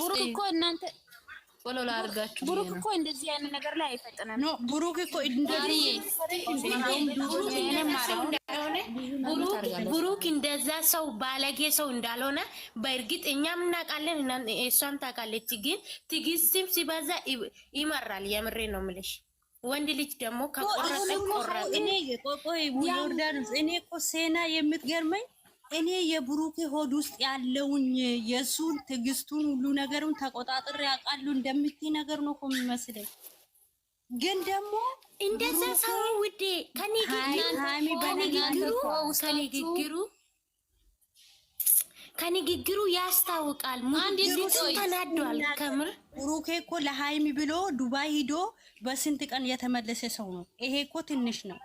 ብሩክ እኮ እናንተ ወለላ አድርጋችሁ ብሩክ እኮ እንደዚህ ነገር ላይ አይፈጥንም። ኖ ብሩክ እኮ ብሩክ እንደዛ ሰው ባለጌ ሰው እንዳልሆነ በእርግጥ እኛም እናውቃለን፣ እሷም ታውቃለች። ግን ትግስትም ሲበዛ ይመራል። የምሬ ነው ወንድ ልጅ ደግሞ ከቆረጠ ቆረጠ። እኔ ዮርዳኖስ እኔ እኮ ሴና የምትገርመኝ እኔ የብሩክ ሆድ ውስጥ ያለውን የእሱን ትዕግስቱን ሁሉ ነገሩን ተቆጣጥሬ ያውቃሉ እንደምትይ ነገር ነው የሚመስለኝ። ግን ደግሞ እንደዛ ሰው ውዴ ከንግግሩ ከንግግሩ ያስታውቃል። ተናዷል። ከምር ብሩኬ እኮ ለሀይሚ ብሎ ዱባይ ሂዶ በስንት ቀን የተመለሰ ሰው ነው። ይሄ እኮ ትንሽ ነው።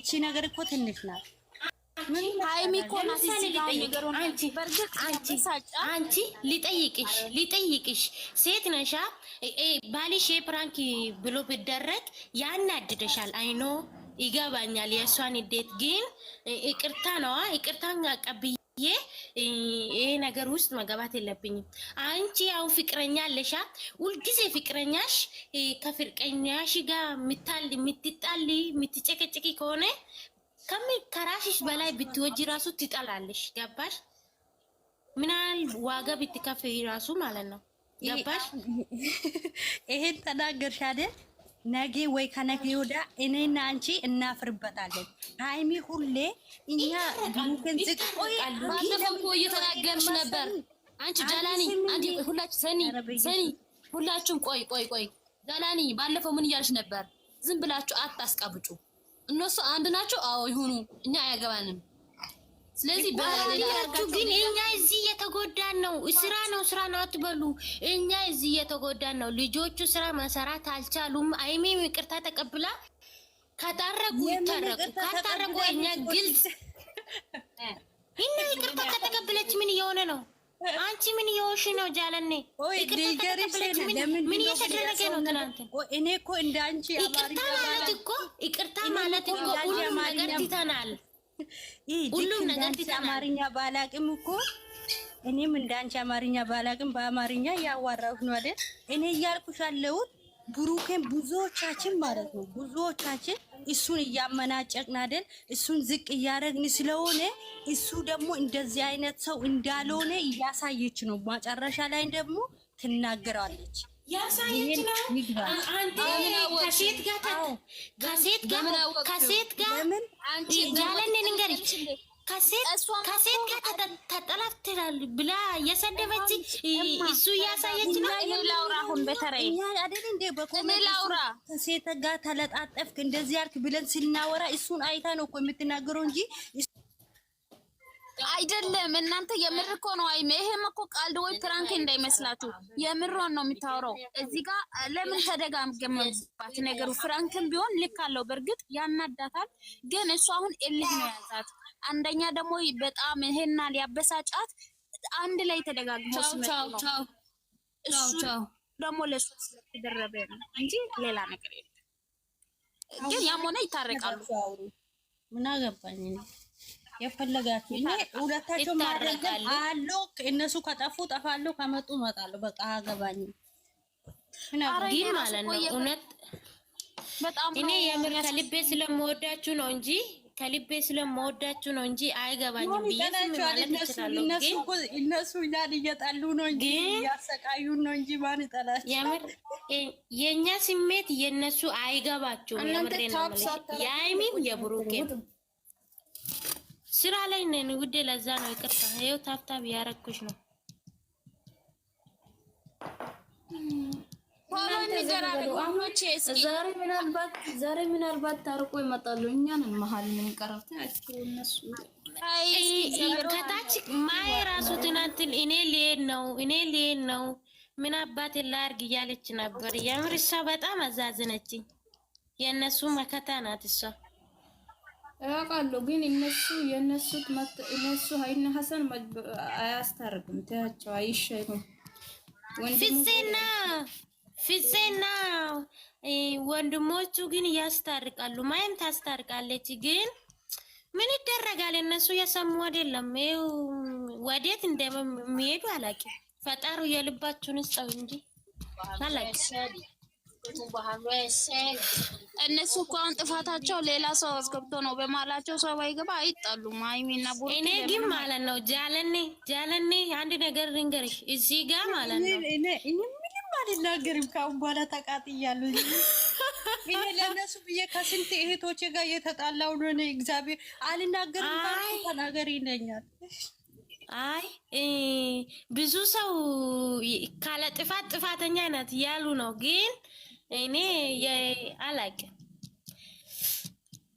እቺ ነገር እኮ ትንሽ ናት። አንቺ ልጠይቅሽ ልጠይቅሽ ሴት ነሻ? ባልሽ ፕራንክ ብሎ ብደረግ ያናድደሻል። አይኖ ይገባኛል። የእሷን እንዴት ግን ይቅርታ ነዋ። ይቅርታን አቀብዬ ይሄ ነገር ውስጥ መገባት የለብኝም። አንቺ ያው ፍቅረኛ አለሻ። ሁልጊዜ ፍቅረኛሽ ከፍቅረኛሽ ጋር የምትጣል የምትጨቀጭቂ ከሆነ ከሚ ከራስሽ በላይ ብትወጂ ራሱ ትጠላለሽ። ገባሽ? ምናል ዋጋ ብትከፍይ ራሱ ማለት ነው። ገባሽ? ይሄን ተናገርሽ አይደል? ነገ ወይ ከነገ ወዲያ እኔና አንቺ እናፍርበታለን። ሃይሚ ሁሌ እኛ ገንዝቅ እየተናገርሽ ነበር። አንቺ ጃላኒ፣ አንቺ ሁላችሁ ሰኒ ሰኒ፣ ሁላችሁም ቆይ ቆይ ቆይ፣ ጃላኒ ባለፈው ምን እያልሽ ነበር? ዝም ብላችሁ አታስቀብጩ እነሱ አንድ ናቸው። አዎ ይሁኑ፣ እኛ አያገባንም። ስለዚህ በላችሁ ግን እኛ እዚህ እየተጎዳን ነው። ስራ ነው ስራ ነው አትበሉ። እኛ እዚህ እየተጎዳን ነው። ልጆቹ ስራ መሰራት አልቻሉም። አይሜም ይቅርታ ተቀብላ ከታረቁ ይታረጉ፣ ካታረጉ እኛ ግልጽ እና ይቅርታ ከተቀበለች ምን እየሆነ ነው? አንቺ ምን እየሆንሽ ነው? ጃለኔ ምን እየተደረገ ነው? ትናንት እኔ እኮ እንደ አንቺ ይቅርታ ማለት እኮ ይቅርታ ማለት እኮ ሁሉም ነገር ትተናል። ሁሉም ነገር ትተናል። አማርኛ ባላቅም እኮ እኔም እንደ አንቺ አማርኛ ባላቅም በአማርኛ እያዋራሁሽ ነው አይደል? እኔ እያልኩሽ አለሁት ብሩኬን ብዙዎቻችን ማለት ነው ብዙዎቻችን እሱን እያመናጨቅን አይደል? እሱን ዝቅ እያደረግን ስለሆነ እሱ ደግሞ እንደዚህ አይነት ሰው እንዳልሆነ እያሳየች ነው። መጨረሻ ላይ ደግሞ ትናገራለች። ያሳየች ነው። አንተ ከሴት ጋር ከሴት ጋር ከሴት ጋር አንቺ ንገሪች ከሴት ጋር ብላ የሰደበች እሱ እያሳየች ነው። ላውራ አሁን ላውራ ከሴት ጋር ተለጣጠፍክ እንደዚህ ያልክ ብለን ስናወራ እሱን አይታ ነው እኮ የምትናገረው እንጂ አይደለም። እናንተ የምር እኮ ነው። አይሜ ይሄም እኮ ቃልድ ወይ ፕራንክ እንዳይመስላችሁ የምሮን ነው የምታወራው። እዚህ ጋር ለምን ተደጋገመባት ነገሩ? ፍራንክም ቢሆን ልክ አለው። በእርግጥ ያናዳታል፣ ግን እሱ አሁን እልህ ነው ያዛት አንደኛ ደግሞ በጣም ይሄና ሊያበሳጫት አንድ ላይ ተደጋግሞ ሲመጣው እሱ ደግሞ ለሱ ስለተደረበ ነው እንጂ ሌላ ነገር የለም። ግን ያም ሆነ ይታረቃሉ። ምን አገባኝ እኔ የፈለጋችሁ እኔ ሁለታቸው ማድረግ አለ። እነሱ ከጠፉ ጠፋሉ፣ ከመጡ እመጣለሁ። በቃ አገባኝ ግን ማለት ነው እውነት እኔ የምር ከልቤ ስለምወዳችሁ ነው እንጂ ከልቤ ስለምወዳችሁ ነው እንጂ አይገባኝም ብዬ እነሱ እየጠሉ ነው እንጂ ነው እንጂ ማን የእኛ ስሜት የእነሱ አይገባችሁም። የአይሚም ስራ ላይ ነን ውዴ። ለዛ ነው ይቅርታ። ይኸው ታብታብ ያረኩሽ ነው ዛሬ ምናልባት ዛሬ ምናልባት ታርቆ ይመጣሉ። እኛን መሀል የምንቀረብት ናቸው እነሱ። ከታች ማይ ራሱ ትናንትን እኔ ልሄድ ነው እኔ ልሄድ ነው ምን አባት ላርግ እያለች ነበር። የምር እሷ በጣም አዛዝነች የእነሱ መከታ ናት እሷ እራቃለሁ ግን እነሱ የእነሱ እነሱ ሀይና ሀሰን አያስታርቅም። ታያቸው አይሻይም ወንድሙ ፍፄና ወንድሞቹ ግን ያስታርቃሉ። ማየም ታስታርቃለች። ግን ምን ይደረጋል? እነሱ የሰሙ አይደለም። ይኸው ወዴት እንደሚሄዱ አላውቅም። ፈጣሩ የልባችሁን ይስጠው እንጂ እነሱ እኮ አሁን ጥፋታቸው ሌላ ሰው አስገብቶ ነው። በማላቸው ሰው ባይገባ አይጣሉም። ሃይሚና ቡ እኔ ግን ማለት ነው ጃለኔ ጃለኔ አንድ ነገር ልንገርሽ እዚህ ጋር ማለት ነው አልናገርም ከአሁን በኋላ ተቃጥያለሁ። ይሄ ለእነሱ ብዬ ከስንት እህቶች ጋር እየተጣላሁ ነው። እኔ እግዚአብሔር አልናገርም ተናገር ይለኛል። አይ ብዙ ሰው ካለ ጥፋት ጥፋተኛ ናት እያሉ ነው፣ ግን እኔ አላቅም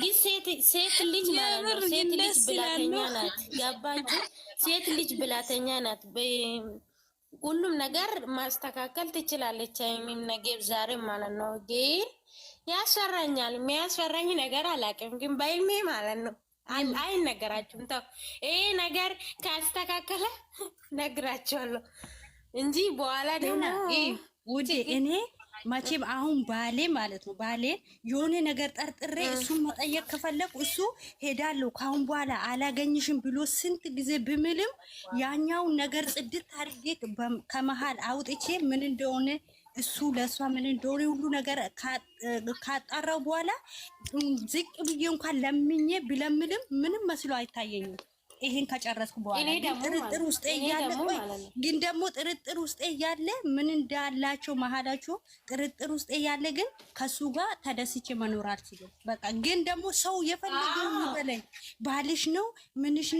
ግን ሴት ልጅ ማለት ነው። ሴት ልጅ ብላተኛ ናት። ገባችሁ? ሴት ልጅ ብላተኛ ናት። ሁሉም ነገር ማስተካከል ትችላለች። የሚም ነገብ ዛሬ ማለት ነው። ግን ያስፈራኛል። የሚያስፈራኝ ነገር አላቅም። ግን በይሜ ማለት ነው። አይ ነገራችሁም ተው። ይሄ ነገር ካስተካከለ ነግራቸዋለሁ እንጂ በኋላ ደግሞ ውድ እኔ መቼም አሁን ባሌ ማለት ነው ባሌ የሆነ ነገር ጠርጥሬ እሱን መጠየቅ ከፈለኩ እሱ ሄዳለሁ ካሁን በኋላ አላገኝሽም ብሎ ስንት ጊዜ ብምልም ያኛውን ነገር ጽድት አድርጌ ከመሀል አውጥቼ ምን እንደሆነ እሱ ለእሷ ምን እንደሆነ ሁሉ ነገር ካጣራው በኋላ ዝቅ ብዬ እንኳን ለምኜ ብለምልም ምንም መስሎ አይታየኝም። ይሄን ከጨረስኩ በኋላ ጥርጥር ውስጤ እያለ ግን ደግሞ ጥርጥር ውስጤ እያለ ምን እንዳላቸው መሀላቸው ጥርጥር ውስጤ እያለ ግን ከሱ ጋር ተደስቼ መኖር አልችልም። በቃ ግን ደግሞ ሰው የፈለገው ይበለኝ፣ ባልሽ ነው ምንሽ፣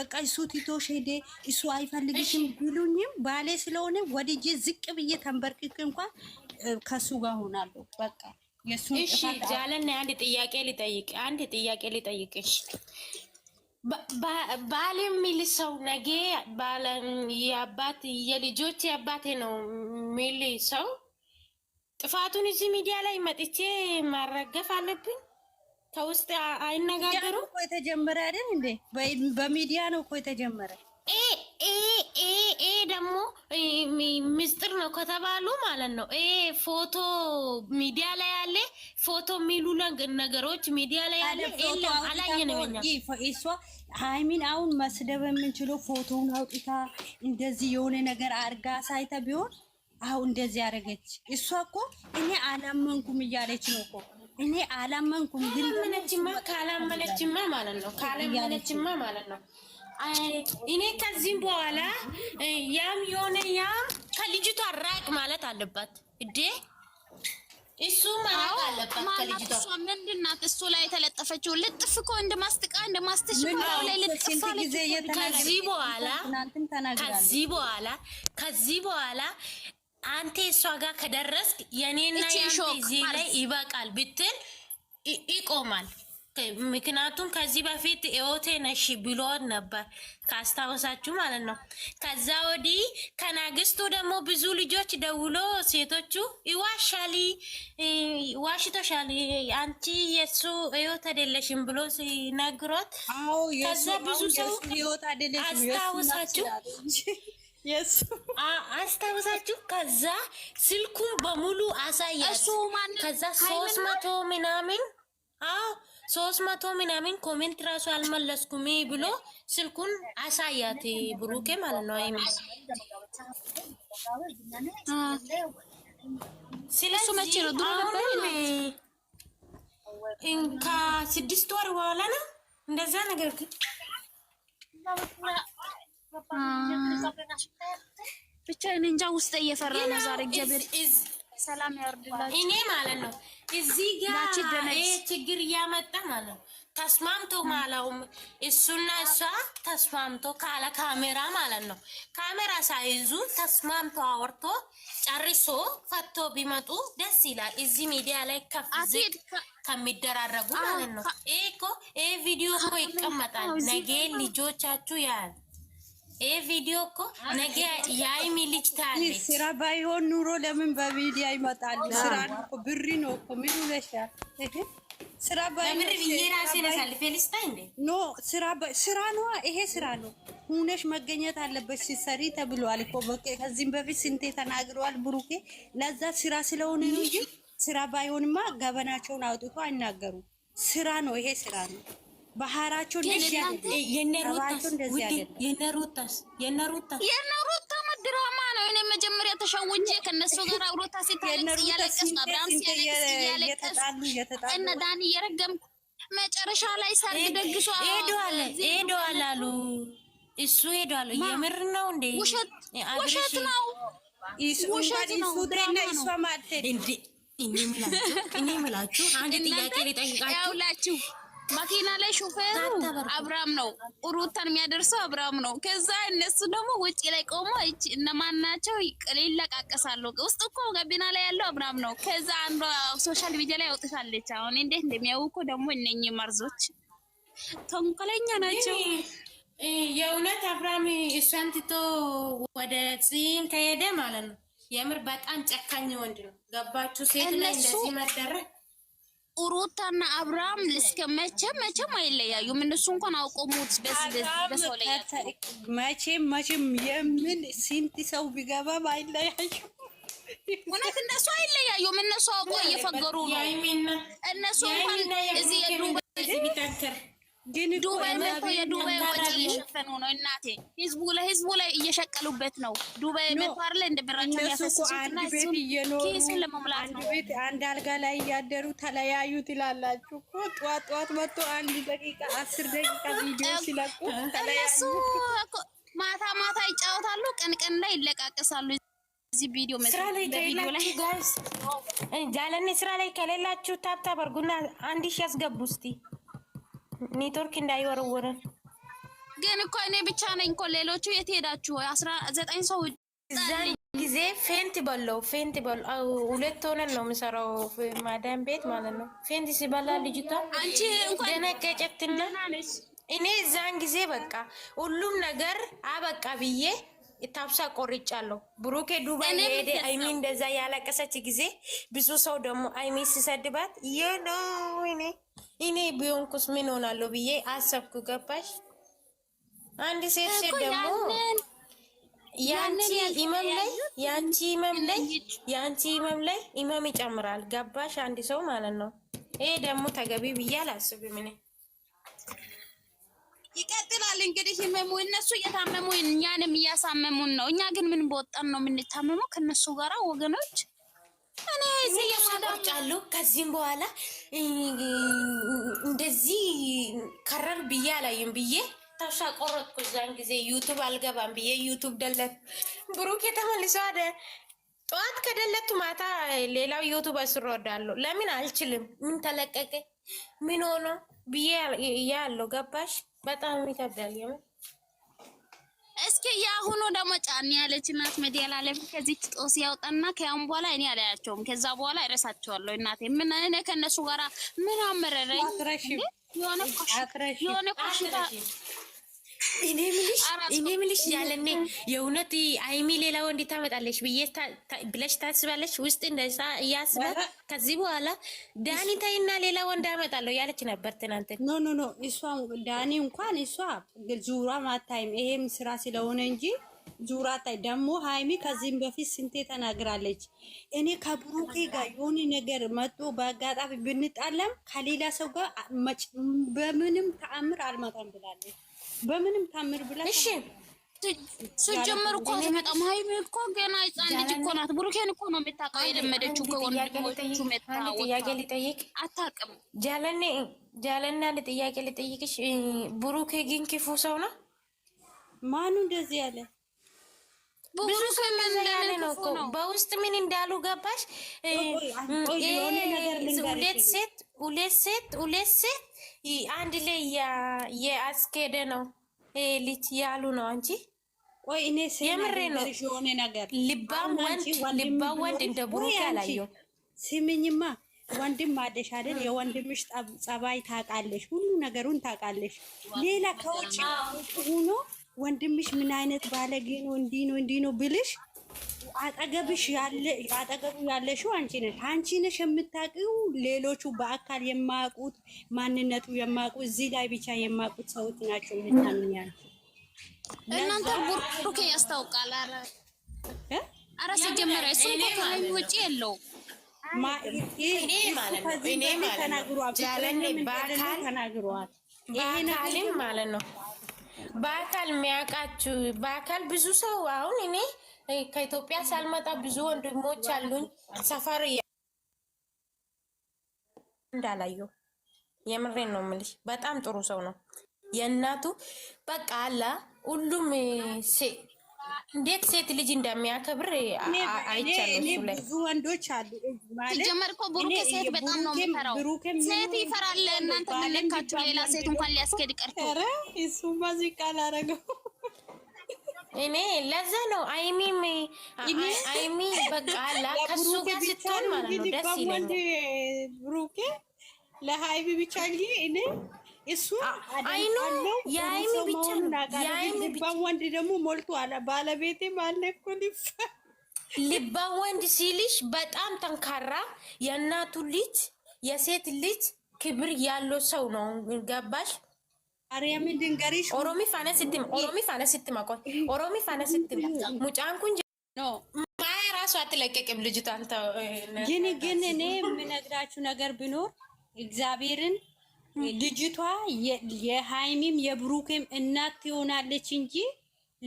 በቃ እሱ ቲቶሽ ሄደ እሱ አይፈልግሽም ቢሉኝም ባሌ ስለሆነ ወድጄ ዝቅ ብዬ ተንበርክክ እንኳን ከሱ ጋር ሆናለሁ በቃ። እሺ ጃለና አንድ ጥያቄ ልጠይቅ አንድ ጥያቄ ልጠይቅሽ ባል የሚል ሰው ነገ ባለ የአባት የልጆች የአባቴ ነው የሚል ሰው ጥፋቱን እዚህ ሚዲያ ላይ መጥቼ ማረገፍ አለብኝ? ከውስጥ አይነጋገሩ እኮ የተጀመረ አይደል እንዴ? በሚዲያ ነው እኮ የተጀመረ ኤ ደግሞ ምስጢር ነው ከተባሉ ማለት ነው። ፎቶ ሚዲያ ላይ ያለ ፎቶ የሚሉ ነገሮች ሚዲያ ላይ ያለ አላየንም። እሷ ሀይሚን አሁን መስደብ የምንችለው ፎቶውን አውጥታ እንደዚህ የሆነ ነገር አድርጋ ሳይተ ቢሆን አሁ እንደዚህ ያደረገች እሷ እኮ እኔ አላመንኩም እያለች ነው እኮ እኔ አላመንኩም። ግን ካላመነችማ ማለት ነው ካላመነችማ ማለት ነው እኔ ከዚህም በኋላ ያም የሆነ ያም ከልጅቷ ራቅ ማለት አለባት እዴ እሱ ማራቅ አለባት ከልጅቷ። ምንድን ናት እሱ ላይ የተለጠፈችው ልጥፍ እኮ እንደማስጥቃ እንደማስተሽ ላይ ልጥፍ ከዚህ በኋላ ከዚህ በኋላ ከዚህ በኋላ አንተ እሷ ጋር ከደረስክ የኔና ያንተ እዚህ ላይ ይበቃል ብትል ይቆማል። ምክንያቱም ከዚህ በፊት ኤዮቴ ነሽ ብሎን ነበር ካስታወሳችሁ ማለት ነው። ከዛ ወዲህ ከናግስቱ ደግሞ ብዙ ልጆች ደውሎ ሴቶቹ ይዋሻል፣ ዋሽቶሻሊ አንቺ የሱ ኤዎት አይደለሽም ብሎ ሲነግሮት ከዛ ብዙ ሰው አስታወሳችሁ አስታውሳችሁ ከዛ ስልኩን በሙሉ አሳያችሁ። ከዛ ሶስት መቶ ምናምን አዎ ሶስት መቶ ምናምን ኮሜንት ራሱ አልመለስኩም ብሎ ስልኩን አሳያት ብሩኬ ማለት ነው። አይሚ ስለሱ መቼ ነው ድሮ ነበር እንካ ስድስት ወር በኋላ ነው እንደዛ ነገር ብቻ እንጃ ውስጥ እየፈራ ነው ዛሬ እግዚአብሔር ሰላም ያወርድላችሁ እኔ ማለት ነው እዚህ ጋር ይሄ ችግር እያመጣ ማለት ነው። ተስማምቶ ማለውም እሱና እሷ ተስማምቶ ካለ ካሜራ ማለት ነው። ካሜራ ሳይዙ ተስማምቶ አወርቶ ጨርሶ ፈቶ ቢመጡ ደስ ይላል። እዚህ ሚዲያ ላይ ከፍ ከሚደራረጉ ማለት ነው። ይሄ እኮ ይሄ ቪዲዮ እኮ ይቀመጣል ነገ ልጆቻችሁ ያል ይሄ ቪዲዮ እኮ ነገ የአይሚ ልጅ ታለች። ስራ ባይሆን ኑሮ ለምን በሚዲያ ይመጣል? ስራ እኮ ብሪ ነው እኮ ምን ይለሻል? ስራ ነው ይሄ ስራ ነው። ሁነሽ መገኘት አለበት ሲሰሪ ተብሏል እኮ በቃ ከዚህም በፊት ስንቴ ተናግረዋል ብሩኬ። ለዛ ስራ ስለሆነ ነው እንጂ ስራ ባይሆንማ ገበናቸውን አውጥቶ አይናገሩም። ስራ ነው ይሄ ስራ ነው። ባህራቸው የነሩታማ ድራማ ነው። እኔ መጀመሪያ ተሸውጄ ከነሱ ጋር አውሮታ ሲታለቅስ እያለቀስ እነ እየረገምኩ መጨረሻ ላይ ሰርግ ደግሶ ሄደዋል አሉ። እሱ ሄደዋል። የምር ነው እንዴ? ውሸት ነው። ውሸት ነው። እኔ ምላችሁ አንድ ጥያቄ ልጠይቃችሁ መኪና ላይ ሹፌሩ አብራም ነው፣ ሩታን የሚያደርሰው አብራም ነው። ከዛ እነሱ ደግሞ ውጭ ላይ ቆሞ እነማን ናቸው ይለቃቀሳሉ። ውስጥ እኮ ገቢና ላይ ያለው አብራም ነው። ከዛ አንዷ ሶሻል ሚዲያ ላይ አውጥታለች። አሁን እንዴት እንደሚያውቁ ደግሞ እነኚህ መርዞች ተንኮለኛ ናቸው። የእውነት አብራም እሷን ትቶ ወደ ጽን ከሄደ ማለት ነው የምር በጣም ጨካኝ ወንድ ነው። ገባችሁ? ሴት ላይ እንደዚህ መደረግ ሩታና አብርሃም እስከ መቼም መቼም አይለያዩም። እነሱ እንኳን አውቆሙት ሙት በሰው መቼም መቼም የምን ስንት ሰው ቢገባም አይለያዩም። እውነት እነሱ አይለያዩም። እነሱ አውቆ እየፈገሩ ነው። እነሱ እንኳን እዚህ የሉ ግን ዱባይ መጥቶ የዱባይ ወጪ እየሸፈኑ ነው እናቴ። ህዝቡ ለህዝቡ ላይ እየሸቀሉበት ነው። ዱባይ መጥቶ አለ እንደ ብራቸው ያፈሰሱትና ለመሙላት ነው። ቤት አንድ አልጋ ላይ እያደሩ ተለያዩ ትላላችሁ እኮ ጠዋት ጠዋት መቶ አንድ ደቂቃ አስር ደቂቃ ቪዲዮ ሲለቁ ተለያዩ። ማታ ማታ ይጫወታሉ፣ ቀን ቀን ላይ ይለቃቀሳሉ። እዚህ ቪዲዮ ስራ ላይ ከሌላችሁ ስራ ላይ ከሌላችሁ ታብታብ አድርጉና አንድ ሺህ ያስገቡ እስቲ ኔትወርክ እንዳይወረወረን ግን እኮ እኔ ብቻ ነኝ እኮ ሌሎቹ የት ሄዳችሁ? አስራ ዘጠኝ ሰው እዛን ጊዜ ፌንት በለው ፌንት በለው። ሁለት ሆነን ነው የምሰራው ማዳም ቤት ማለት ነው። ፌንት ሲበላ ልጅቷ ደነገጨትና እኔ እዛን ጊዜ በቃ ሁሉም ነገር አበቃ ብዬ ታብሳ ቆርጫለሁ። ብሩኬ ዱባይ ሄደ። አይሚ እንደዛ ያለቀሰች ጊዜ ብዙ ሰው ደግሞ አይሚ ሲሰድባት ይሄ ነው እኔ እኔ ቢሆንኩስ ምን ሆናለሁ ብዬ አሰብኩ። ገባሽ? አንድ ሴት ሴት ደግሞ ያንቺ ኢማም ላይ ያንቺ ኢማም ላይ ያንቺ ኢማም ላይ ኢማም ይጨምራል። ገባሽ? አንድ ሰው ማለት ነው። ይሄ ደግሞ ተገቢ ብዬ አላስብም። ምን ይቀጥላል እንግዲህ ህመሙ እነሱ እየታመሙ እኛንም እያሳመሙን ነው። እኛ ግን ምን በወጣን ነው የምንታመመው ከነሱ ጋራ ወገኖች እኔ እየሳቆጫሉ ከዚህም በኋላ እንደዚህ ከረር ብዬ አላይም ብዬ ተብሻ ቆረጥኩ። እዛን ጊዜ ዩቱብ አልገባም ብዬ ዩቱብ ደለት ብሩክ የተመልሶ አደ ጠዋት ከደለቱ ማታ ሌላው ዩቱብ አስሮ ወዳለሁ። ለምን አልችልም? ምን ተለቀቀ? ምን ሆኖ ብዬ ያለው ገባሽ? በጣም ይከብዳል የምር እስኪ የአሁኑ ደግሞ ጫን ያለች እናት መዲያ ላለም ከዚህ ጦስ ያውጣና ከያም በኋላ እኔ አላያቸውም። ከዛ በኋላ እረሳቸዋለሁ። እናቴ ምን እኔ ከእነሱ ጋራ ምን አመረረኝ የሆነ እኔ ምልሽ ያለኔ የእውነት አይሚ ሌላ ወንድ ታመጣለች ብለሽ ታስባለች ውስጥ እንደዛ እያስበ ከዚህ በኋላ ዳኒ ታይና ሌላ ወንድ አመጣለሁ ያለች ነበር ትናንት። ኖ ኖ ኖ እሷ ዳኒ እንኳን እሷ ዙራ ማታይም ይሄም ስራ ስለሆነ እንጂ ዙራ ታይ ደግሞ ሀይሚ ከዚህም በፊት ስንቴ ተናግራለች። እኔ ከብሩኬ ጋር የሆነ ነገር መጦ በአጋጣሚ ብንጣለም ከሌላ ሰው ጋር በምንም ተአምር አልመጣም ብላለች። በምንም ታምር ብላ እሺ ስጀምር እኮ በጣም ሀይሚ እኮ ገና ህፃን ልጅ እኮ ናት። ብሩኬን እኮ ነው የምታውቀው የለመደችው ከወንድሞቹ ጥያቄ ልጠይቅ አታውቅም። ጃለኔ ጃለኔ አንድ ጥያቄ ልጠይቅሽ። ብሩኬ ግን ክፉ ሰው ነው። ማኑ እንደዚህ ያለ ብዙ ሰው ነው እኮ በውስጥ ምን እንዳሉ ገባሽ? ሁለት ሴት ሁለት ሴት ሁለት ሴት አንድ ላይ የአስኬደ ነው ልጅ ያሉ ነው እንጂ የምሬ ነው። ልባም ወንድ ልባም ወንድ እንደ ብሩክ ያላየው ስምኝማ ወንድም አለሽ አይደል? የወንድምሽ ጸባይ ታውቃለሽ፣ ሁሉ ነገሩን ታውቃለሽ። ሌላ ከውጭ ሆኖ ወንድምሽ ምን አይነት ባለጌ ነው እንዲህ ነው እንዲህ ነው ብልሽ አጠገብሽ ያለ አጠገቡ ያለሽው አንቺ ነሽ። አንቺ ነሽ የምታውቂው። ሌሎቹ በአካል የማያውቁት ማንነቱ የማያውቁት እዚህ ላይ ብቻ የማያውቁት ሰዎች ናቸው። ይታምኛል እናንተ ቡርክ ያስታውቃል። አረ አረ ሲጀመረ እሱ ከላይ ወጪ የለው ማለት ነው ማለት ነው ተናግሯል። ተናግሯል። ይሄን ማለት ነው በአካል የሚያውቃችሁ በአካል ብዙ ሰው አሁን እኔ ከኢትዮጵያ ሳልመጣ ብዙ ወንድሞች አሉኝ። ሰፈር እንዳላየው የምሬን ነው የምልሽ። በጣም ጥሩ ሰው ነው። የእናቱ በቃ አላ ሁሉም እንዴት ሴት ልጅ እንደሚያከብር አይቻልም። ብዙ ወንዶች አሉ። ሲጀመር እኮ ብሩኬ ሴት በጣም ነው የሚፈራው። ሴት ይፈራል። እናንተ መለካችሁ። ሌላ ሴት እንኳን ሊያስኬድ ቀርቶ እሱማ ቃል አረገው። እኔ ለዛ ነው አይሚም አይሚ በቃላ ከሱ ጋር ስትሆን ማለት ነው ደስ ይለኛል ብሩኬ ለሀይቢ ብቻ እንጂ እኔ እሱ አይኑ የአይሚ ብቻ ነው። ወንድ ደግሞ ሞልቶ አለ ባለቤቴ ማለ እኮ ልባ ወንድ ሲልሽ በጣም ጠንካራ የእናቱ ልጅ የሴት ልጅ ክብር ያለው ሰው ነው። ገባሽ? አርያም ድንገሪሽ ኦሮሚ ፋነ ስትም ኦሮሚ ፋነ ስትም አቆይ ኦሮሚ ፋነ ስትም ሙጫን ኩንጅ ማይ ራሱ አትለቀቅም ልጅቷ። አንተ ግን ግን እኔ የምነግራችሁ ነገር ቢኖር እግዚአብሔርን ልጅቷ የሃይሚም የብሩኬም እናት ትሆናለች እንጂ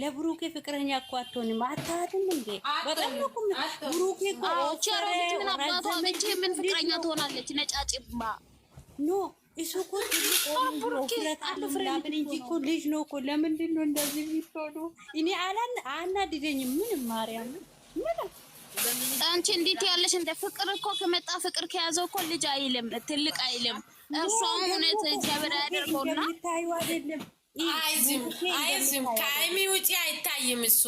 ለብሩኬ ፍቅረኛ እኮ አትሆንም። አታድም እንዴ በጣም ነው ብሩኬ ኮቸሮች መቼ ምን ፍቅረኛ ትሆናለች? ነጫጭባ ኖ እሱ እኮ ትልቅ እንጂ እኮ ልጅ ነው እኮ። ለምንድን ነው እንደዚህ የሚትሆኑ? እኔ አላን አናድደኝ ምንም ማርያም ምንም አንቺ እንዴት ያለሽ እንደ ፍቅር እኮ ከመጣ ፍቅር ከያዘው እኮ ልጅ አይልም ትልቅ አይልም እሷም እውነት ያደርገውና አይዝም ከአይሚ ውጪ አይታይም እሱ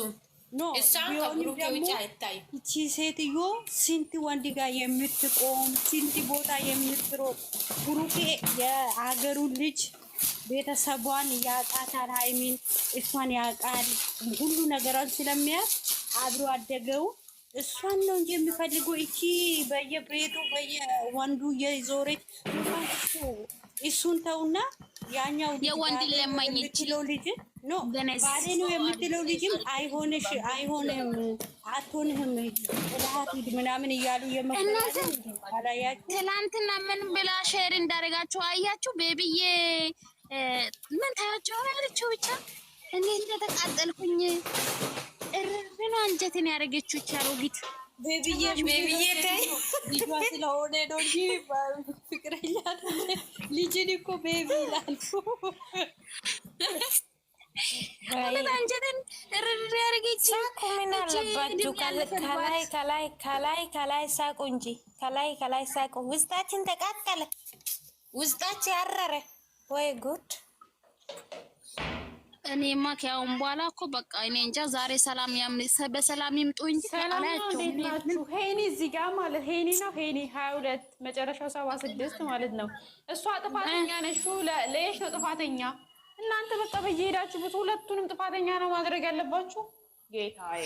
እቺ ሴትዮ ስንት ወንድ ጋር የምትቆም ስንት ቦታ የምትሮጥ ብሩኬ የአገሩን ልጅ ቤተሰቧን ያውቃታል። ሃይሚን እሷን ያውቃል። ሁሉ ነገሯን አብሮ አደገው እሷን ነው እንጂ የሚፈልገው እቺ በየብሬዱ በየወንዱ የዞረች እሱን ተውና፣ ያኛው የወንድ ለማኝ የምትለው ልጅ ኖ ባሌ ነው የምትለው ልጅም አይሆንሽ አይሆንም አትሆንህም ጥላት ሂድ ምናምን እያሉ የመላያቸው ትላንትና ምን ብላ ሼር እንዳደረጋችሁ አያችሁ። ቤቢዬ ምን ታያቸው ያለችው ብቻ እንዴት እንደተቃጠልኩኝ እርብን አንጀትን ያደረገችው ይህች ቤቢዬ ቤቢዬ ተይ፣ ልጇ ስለሆነ ነው እንጂ ፍቅረኛ ልጅን እኮ ቤቢ ይላሉ። ምን ውስጣችን ውስጣችን አረረ። ወይ ጉድ እኔማ ከያውም በኋላ እኮ በቃ እኔ እንጃ። ዛሬ ሰላም ያምን በሰላም ይምጡ እንጂ አላያቸው። ሄኒ እዚህ ጋር ማለት ሄኒ ነው። ሄኒ ሀያ ሁለት መጨረሻው ሰባ ስድስት ማለት ነው። እሷ ጥፋተኛ ነሽ፣ ለየሽ ነው ጥፋተኛ። እናንተ በቃ በየሄዳችሁበት ሁለቱንም ጥፋተኛ ነው ማድረግ ያለባችሁ ጌታዬ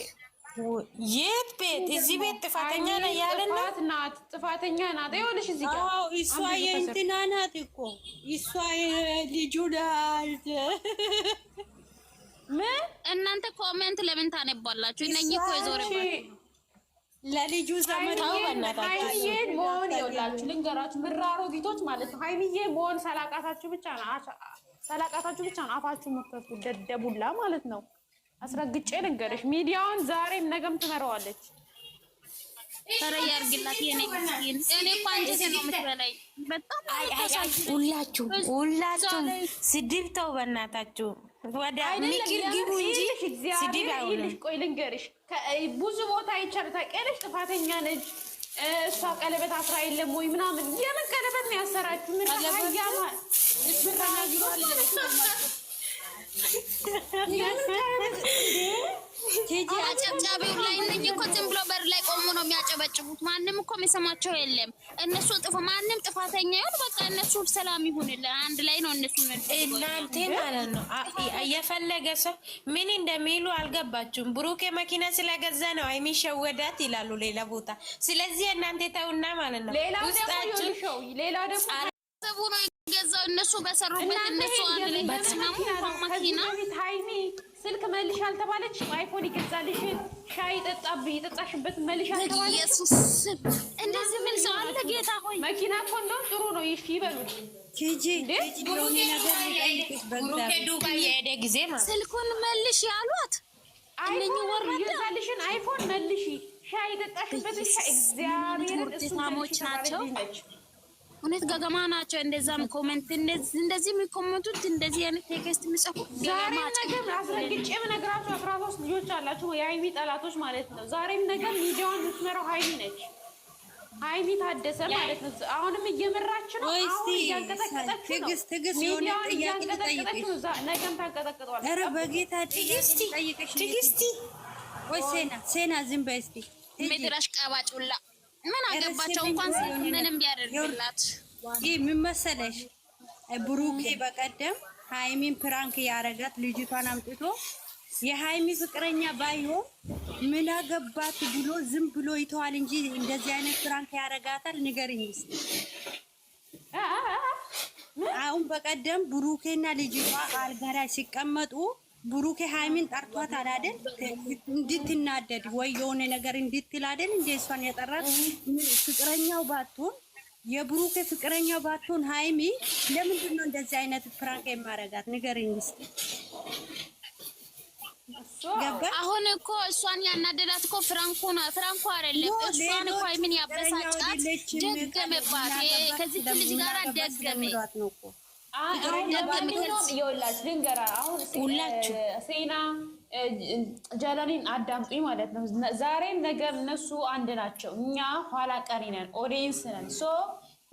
የት ቤት? እዚህ ቤት ጥፋተኛ ነ ያለና ናት ጥፋተኛ ናት። ይኸውልሽ እዚህ እሷ የእንትና ናት እኮ እሷ ልጁ ናት። ምን እናንተ ኮሜንት ለምን ታነባላችሁ? እነኚህ እኮ የዞረ ለልጁ መሆን ይኸውላችሁ፣ ልንገራችሁ ምራሮ ማለት ነው። ሀይሚዬ መሆን ሰላቃታችሁ ብቻ ነው፣ ሰላቃታችሁ ብቻ ነው። አፋችሁ ደደቡላ ማለት ነው። አስረግጬ ነገረሽ። ሚዲያውን ዛሬም ነገም ትመረዋለች። የኔ ሁላችሁ ሁላችሁ ስድብ ተው፣ በእናታችሁ ወደ ምክር ግቡ እንጂ ስድብ አይሆንም። ቆይ ልንገርሽ፣ ብዙ ቦታ ይቻል ታውቂያለሽ። ጥፋተኛ ነች እሷ ቀለበት አስራ የለም ወይ ምናምን። የምን ቀለበት ነው ያሰራችሁ? ምን ያማ አጨብጫቢው ላይ እነዚህ እኮ ዝም ብሎ በር ላይ ቆሙ ነው የሚያጨበጭቡት። ማንም እኮ የሚሰማቸው የለም። እነሱ ጥፎ ማንም ጥፋተኛ ይሁን በቃ እነሱ ሰላም ይሁንልን። አንድ ላይ ነው እነሱ እናንተ ማለት ነው። የፈለገ ሰው ምን እንደሚሉ አልገባችሁም። ብሩኬ መኪና ስለገዛ ነው የሚሸወዳት ይላሉ ሌላ ቦታ። ስለዚህ እናንተ ተውና ማለት ነው ውስጣችሁ ገንዘቡ ነው የገዛው። እነሱ በሰሩበት እነሱ መኪና ሀይሚ ስልክ መልሽ አልተባለች አይፎን ይገዛልሽ ሻይ ጠጣብ የጠጣሽበት መልሽ አልተባለች። ኢየሱስ እንደዚህ ምን ሰው አለ? ጌታ ሆይ መኪና እኮ እንደውም ጥሩ ነው። ይሽ ይበሉት ዱባይ የሄደ ጊዜ ስልኩን መልሽ ያሏት ይገዛልሽን አይፎን መልሽ ሻይ ጠጣሽበት ሻ እግዚአብሔር ናቸው እውነት ገገማ ናቸው። እንደዛም ኮመንት እንደዚህ የሚኮመንቱት እንደዚህ አይነት ቴክስት የሚጽፉ ዛሬም ነገም አስረግጬ የምነግራቸው አስራ ሶስት ልጆች አላቸው የሀይሚ ጠላቶች ማለት ነው። ዛሬም ነገም ሚዲያውን የምትመራው ሀይሚ ነች። ሀይሚ ታደሰ ማለት ነው። አሁንም እየመራች ነው። አሁን እያንቀጠቀጠች ነው። ነገም ታንቀጠቅጠዋለች። በጌታ ትዕግስቲ ወይ ሴና ሴና ዝም በይ እስኪ ምድር አሽቃባጭ ሁላ ምን አገባቸው? እንኳን ምንም ቢያደርግላት ይህ ምን መሰለሽ፣ ብሩኬ በቀደም ሃይሚን ፕራንክ ያረጋት ልጅቷን አምጥቶ የሃይሚ ፍቅረኛ ባይሆን ምን አገባት ብሎ ዝም ብሎ ይተዋል እንጂ እንደዚህ አይነት ፕራንክ ያረጋታል። ንገርኝ እስኪ። አሁን በቀደም ብሩኬና ልጅቷ አልጋ ላይ ሲቀመጡ ብሩኬ ሃይሚን ጠርቷት አላደል እንድትናደድ ወይ የሆነ ነገር እንድትላደል እንደ እሷን የጠራት ፍቅረኛው ባትሆን የብሩኬ ፍቅረኛው ባትሆን ሃይሚ ለምንድን ነው እንደዚህ አይነት ፕራንክ የማረጋት? ንገሪኝ እስኪ። አሁን እኮ እሷን ያናደዳት እኮ ፍራንኩ ነው። ፍራንኩ አይደለም። እሷን እኮ ሃይሚን ያበሳጫት ደገመባት። ከዚህ ልጅ ጋር ደገመ ሁላችሁ ሴና አዳምጡኝ ማለት ነው። ዛሬም ነገር እነሱ አንድ ናቸው፣ እኛ ኋላ ቀሪ ነን፣ ኦዲየንስ ነን። ሶ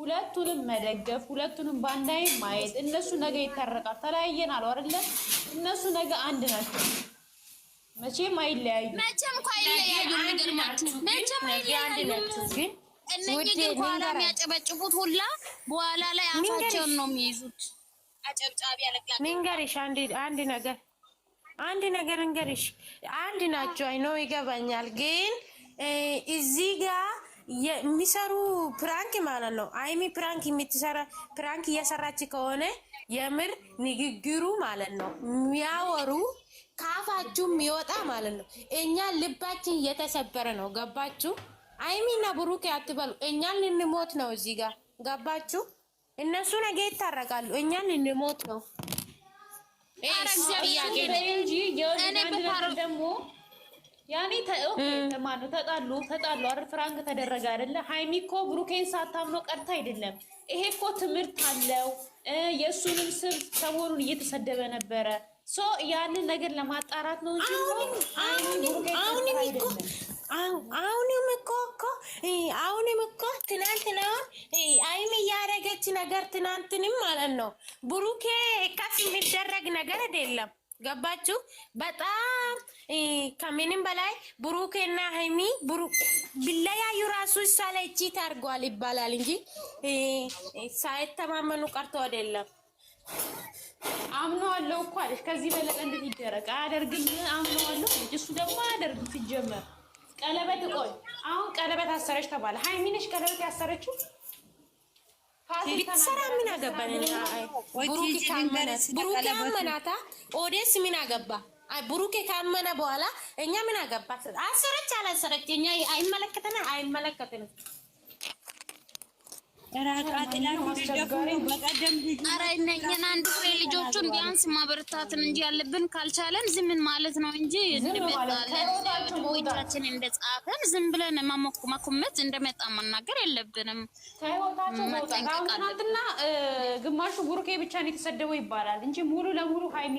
ሁለቱንም መደገፍ ሁለቱንም ባንዳይ ማየት። እነሱ ነገ ይታረቃል። ተለያየን አሉ አይደለ? እነሱ ነገ አንድ ናቸው። መቼም አይለያዩ፣ መቼም አይለያዩ። ግን እነኚህ ግን ከኋላ የሚያጨበጭቡት ሁላ በኋላ ላይ አፋቸውን ነው የሚይዙት። አጨብጫቢ ያለጋ ንገሪሽ አንድ ነገር አንድ ነገር እንገሪሽ አንድ ናቸው። አይ ይገባኛል። ግን እዚህ ጋር የሚሰሩ ፕራንክ ማለት ነው። አይሚ ፕራንክ የምትሰራ ፕራንክ እየሰራች ከሆነ የምር ንግግሩ ማለት ነው የሚያወሩ ካፋችሁ የሚወጣ ማለት ነው። እኛ ልባችን እየተሰበረ ነው። ገባችሁ? አይሚና ብሩኬ አትበሉ። እኛን ልንሞት ነው እዚህ ጋር ገባችሁ? እነሱ ነገ ይታረቃሉ። እኛን ልንሞት ነው። ደግሞ ተጣሉ ተጣሉ አር ፍራንክ ተደረገ አይደለ? ሃይሚ እኮ ብሩኬን ሳታምኖ ቀርታ አይደለም። ይሄ እኮ ትምህርት አለው። የእሱንም ስም ሰሞኑን እየተሰደበ ነበረ። ያንን ነገር ለማጣራት ነው እንጂ አሁን አሁንም እኮ እኮ አሁንም እኮ ትናንትና አይም እያደረገች ነገር ትናንትንም ማለት ነው ብሩኬ ከፍ የሚደረግ ነገር አይደለም። ገባችሁ? በጣም ከምንም በላይ ብሩኬና ሀይሚ ቢለያዩ ራሱ ሳለቺ ታርጓል ይባላል እንጂ ሳይተማመኑ ቀርቶ አይደለም። አምነዋለሁ እኮ አለች። ከዚህ በለጠ እንዴት ይደረግ? አያደርግም። አምነዋለሁ እሱ ደግሞ አያደርግም ሲጀመር ቀለበት ቆይ፣ አሁን ቀለበት አሰረች ተባለ። ሀይሚ ነሽ ቀለበት ያሰረችው? ሰራ ምን አገባን? ብሩኬ አመናታ ኦዴስ ምን አገባ? ብሩኬ ካመነ በኋላ እኛ ምን አገባ? አሰረች አላሰረች እኛ አይመለከተንም፣ አይመለከተንም እነኝን አንድ ፍሬ ልጆቹን ቢያንስ ማበረታትን እንጂ ያለብን ካልቻለን ዝምን ማለት ነው እንጂ እንበጣለን እንደጻፈን ዝም ብለን ማኮመት እንደመጣ መናገር የለብንም። ትናንትና ግማሹ ቡሩኬ ብቻ ነው የተሰደበው ይባላል እንጂ ሙሉ ለሙሉ ሀይሚ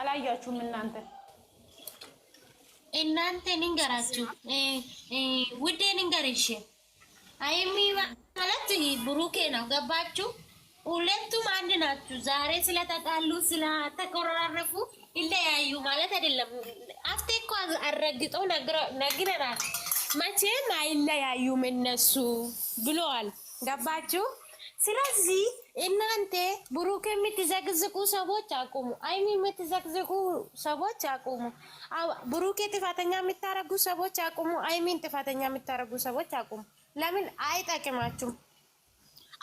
አላያችሁም እናንተ እናንተ ንንገራችሁ ውዴ ንንገር አይሚ ማለት ብሩኬ ነው። ገባችሁ? ሁለቱም አንድ ናችሁ። ዛሬ ስለተጣሉ ስለተቆራረፉ ይለያዩ ማለት አይደለም። አፍቴ እኮ አረግጠው ነግረናል። መቼም አይለያዩም እነሱ ብለዋል። ገባችሁ? ስለዚህ እናንተ ብሩክ የምትዘግዝቁ ሰዎች አቁሙ። አይሚ የምትዘግዝቁ ሰዎች አቁሙ። ብሩክ ጥፋተኛ የምታረጉ ሰዎች አቁሙ። አይሚን ጥፋተኛ የምታረጉ ሰዎች አቁሙ። ለምን አይጠቅማችሁም?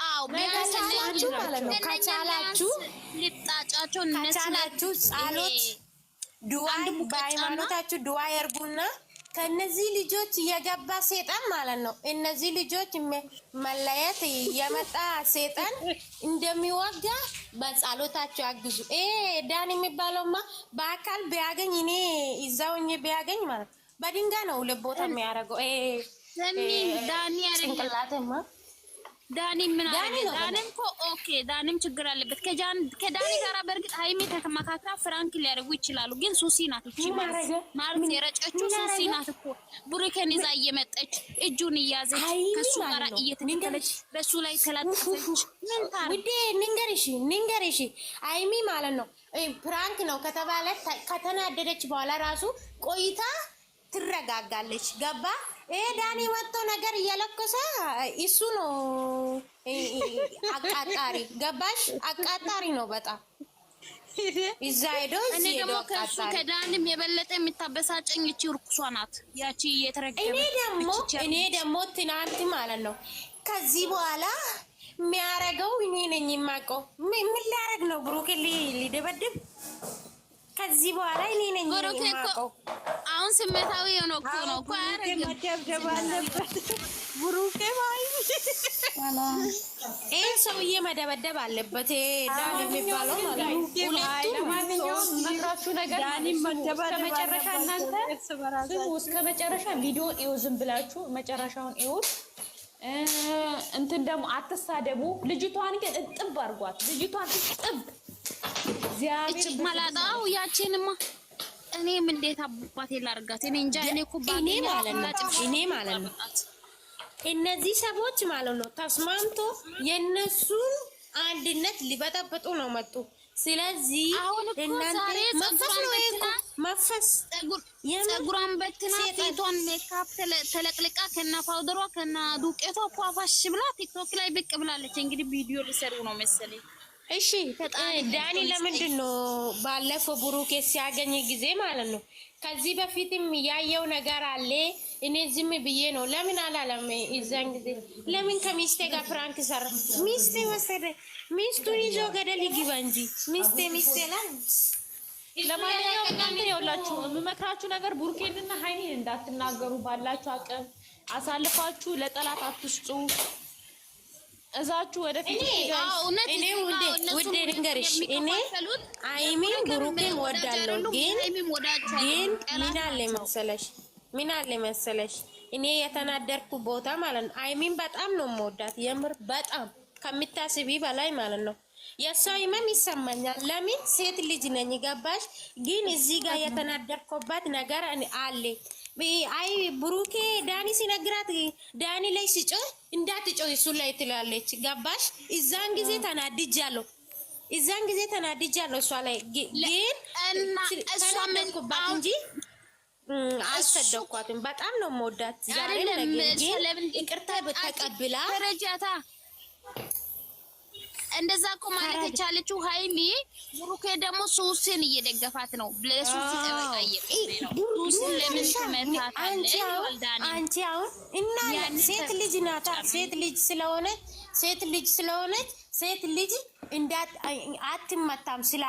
አው ቢያንስላችሁ ማለት ነው። ከቻላችሁ ልጣጫቸው ከቻላችሁ ጸሎት፣ ዱዓ በሃይማኖታችሁ ዱዓ ያርጉና ከነዚህ ልጆች የገባ ሴጣን ማለት ነው። እነዚህ ልጆች መለየት የመጣ ሴጣን እንደሚወጋ በጸሎታችሁ አግዙ። ዳን የሚባለውማ በአካል ቢያገኝ እኔ እዛው ቢያገኝ ማለት በድንጋይ ነው ልቦታ የሚያደርገው። ጭንቅላትማ ዳኒ ምን አለ? ዳኒም እኮ ኦኬ፣ ዳኒም ችግር አለበት። ከዳኒ ጋር በእርግጥ ሀይሜ ተከማካክራ ፍራንክ ሊያደርጉ ይችላሉ፣ ግን ሱሲ ናት እቺ ማለት የረጨችው ሱሲ ናት እኮ ቡሪከን ይዛ እየመጠች እጁን እያዘች ከሱ ጋር እየተከተለች በሱ ላይ ተላጠፈች። ውዴ፣ ንንገርሽ ንንገርሽ ሀይሜ ማለት ነው ፍራንክ ነው ከተባለ ከተናደደች በኋላ ራሱ ቆይታ ትረጋጋለች። ገባ ይሄ ዳኒ መጥቶ ነገር እየለኮሰ እሱ ነው አቃጣሪ። ገባሽ? አቃጣሪ ነው በጣም እዛ ሄዶ እኔ ደግሞ ከእሱ ከዳንም የበለጠ የሚታበሳጨኝ እቺ እርኩሷ ናት። ያቺ እየተረገመ እኔ ደግሞ እኔ ደግሞ ትናንት ማለት ነው ከዚህ በኋላ የሚያረገው እኔ ነኝ የማውቀው። ምን ላረግ ነው ብሩክ? ሊደበድብ ከዚህ በኋላ እኔ ነኝ የማውቀው። አሁን ስሜታዊ የሆነ እኮ ነው ብሩኬ ይህን ሰውዬ መደበደብ አለበት። ዳን የሚባለው መጨረሻ እስከ መጨረሻ ቪዲዮ እዩ። ዝም ብላችሁ መጨረሻውን እዩት። እንትን ደግሞ አትሳደቡ። ልጅቷን ግን እጥብ አድርጓት። ልጅቷን እጥብ እቺ መላጣው ያቺንማ እኔም እንዴት አባቴ ላርጋት? እኔ እንጃ። እኔ ኩባኔ ማለት ነው እኔ ማለት ነው እነዚህ ሰዎች ማለት ነው ተስማምቶ የነሱን አንድነት ሊበጠብጡ ነው መጡ። ስለዚህ እናንተ መፈስ ነው እኮ ጸጉሯን በትና ፊቷን ሜካፕ ተለቅልቃ ከና ፓውደሯ ከና ዱቄቷ ፏፋሽ ብላ ቲክቶክ ላይ ብቅ ብላለች። እንግዲህ ቪዲዮ ሊሰሩ ነው መሰለኝ እሺ ዳኒ ለምንድን ነው ባለፈው ብሩኬ ሲያገኝ ጊዜ ማለት ነው፣ ከዚህ በፊትም ያየው ነገር አለ። እኔ ዝም ብዬ ነው ለምን አላለም? እዛን ጊዜ ለምን ከሚስቴ ጋር ፍራንክ ሰራ? ሚስቴ ወሰደ፣ ሚስቱን ይዞ ገደል ይግባ እንጂ ሚስቴ ሚስቴ ላይ ለማንኛውም ይኸውላችሁ የምመክራችሁ ነገር ቡርኬንና ሀይኒን እንዳትናገሩ፣ ባላችሁ አቅም አሳልፋችሁ ለጠላት አትስጡ። እዛችሁ ወደፊት ልንገርሽ፣ እኔ አይሚን ብሩኬን ወዳለሁ፣ ግን ግን ምን አለ መሰለሽ ምን አለ መሰለሽ እኔ የተናደርኩ ቦታ ማለት ነው። አይሚን በጣም ነው የምወዳት የምር በጣም ከምታስቢ በላይ ማለት ነው። የእሷ ህመም ይሰማኛል። ለምን ሴት ልጅ ነኝ ገባሽ? ግን እዚህ ጋር የተናደርኩበት ነገር አለ አይ ብሩኬ ዳኒ ሲነግራት ዳኒ ላይ ሲጮህ እንዳትጮህ እሱ ላይ ትላለች። ገባሽ? እዛን ጊዜ ተናድጃለሁ፣ እዛን ጊዜ ተናድጃለሁ። እሷ ላይ ግን ተናደድኩባት እንጂ አልሰደኳትም። በጣም ነው የምወዳት። ዛሬ ነገር ይቅርታ ተቀብላ እንደዛ እኮ ማለት የቻለችው ሀይሚ ብሩኬ ደግሞ ሱስን እየደገፋት ነው። ለሱስ ሱስን ለምን ትመታታለህ? አንቺ አሁን እና ሴት ልጅ ናታ። ሴት ልጅ ስለሆነ ሴት ልጅ ስለሆነች ሴት ልጅ እንዳት አትመታም ስላ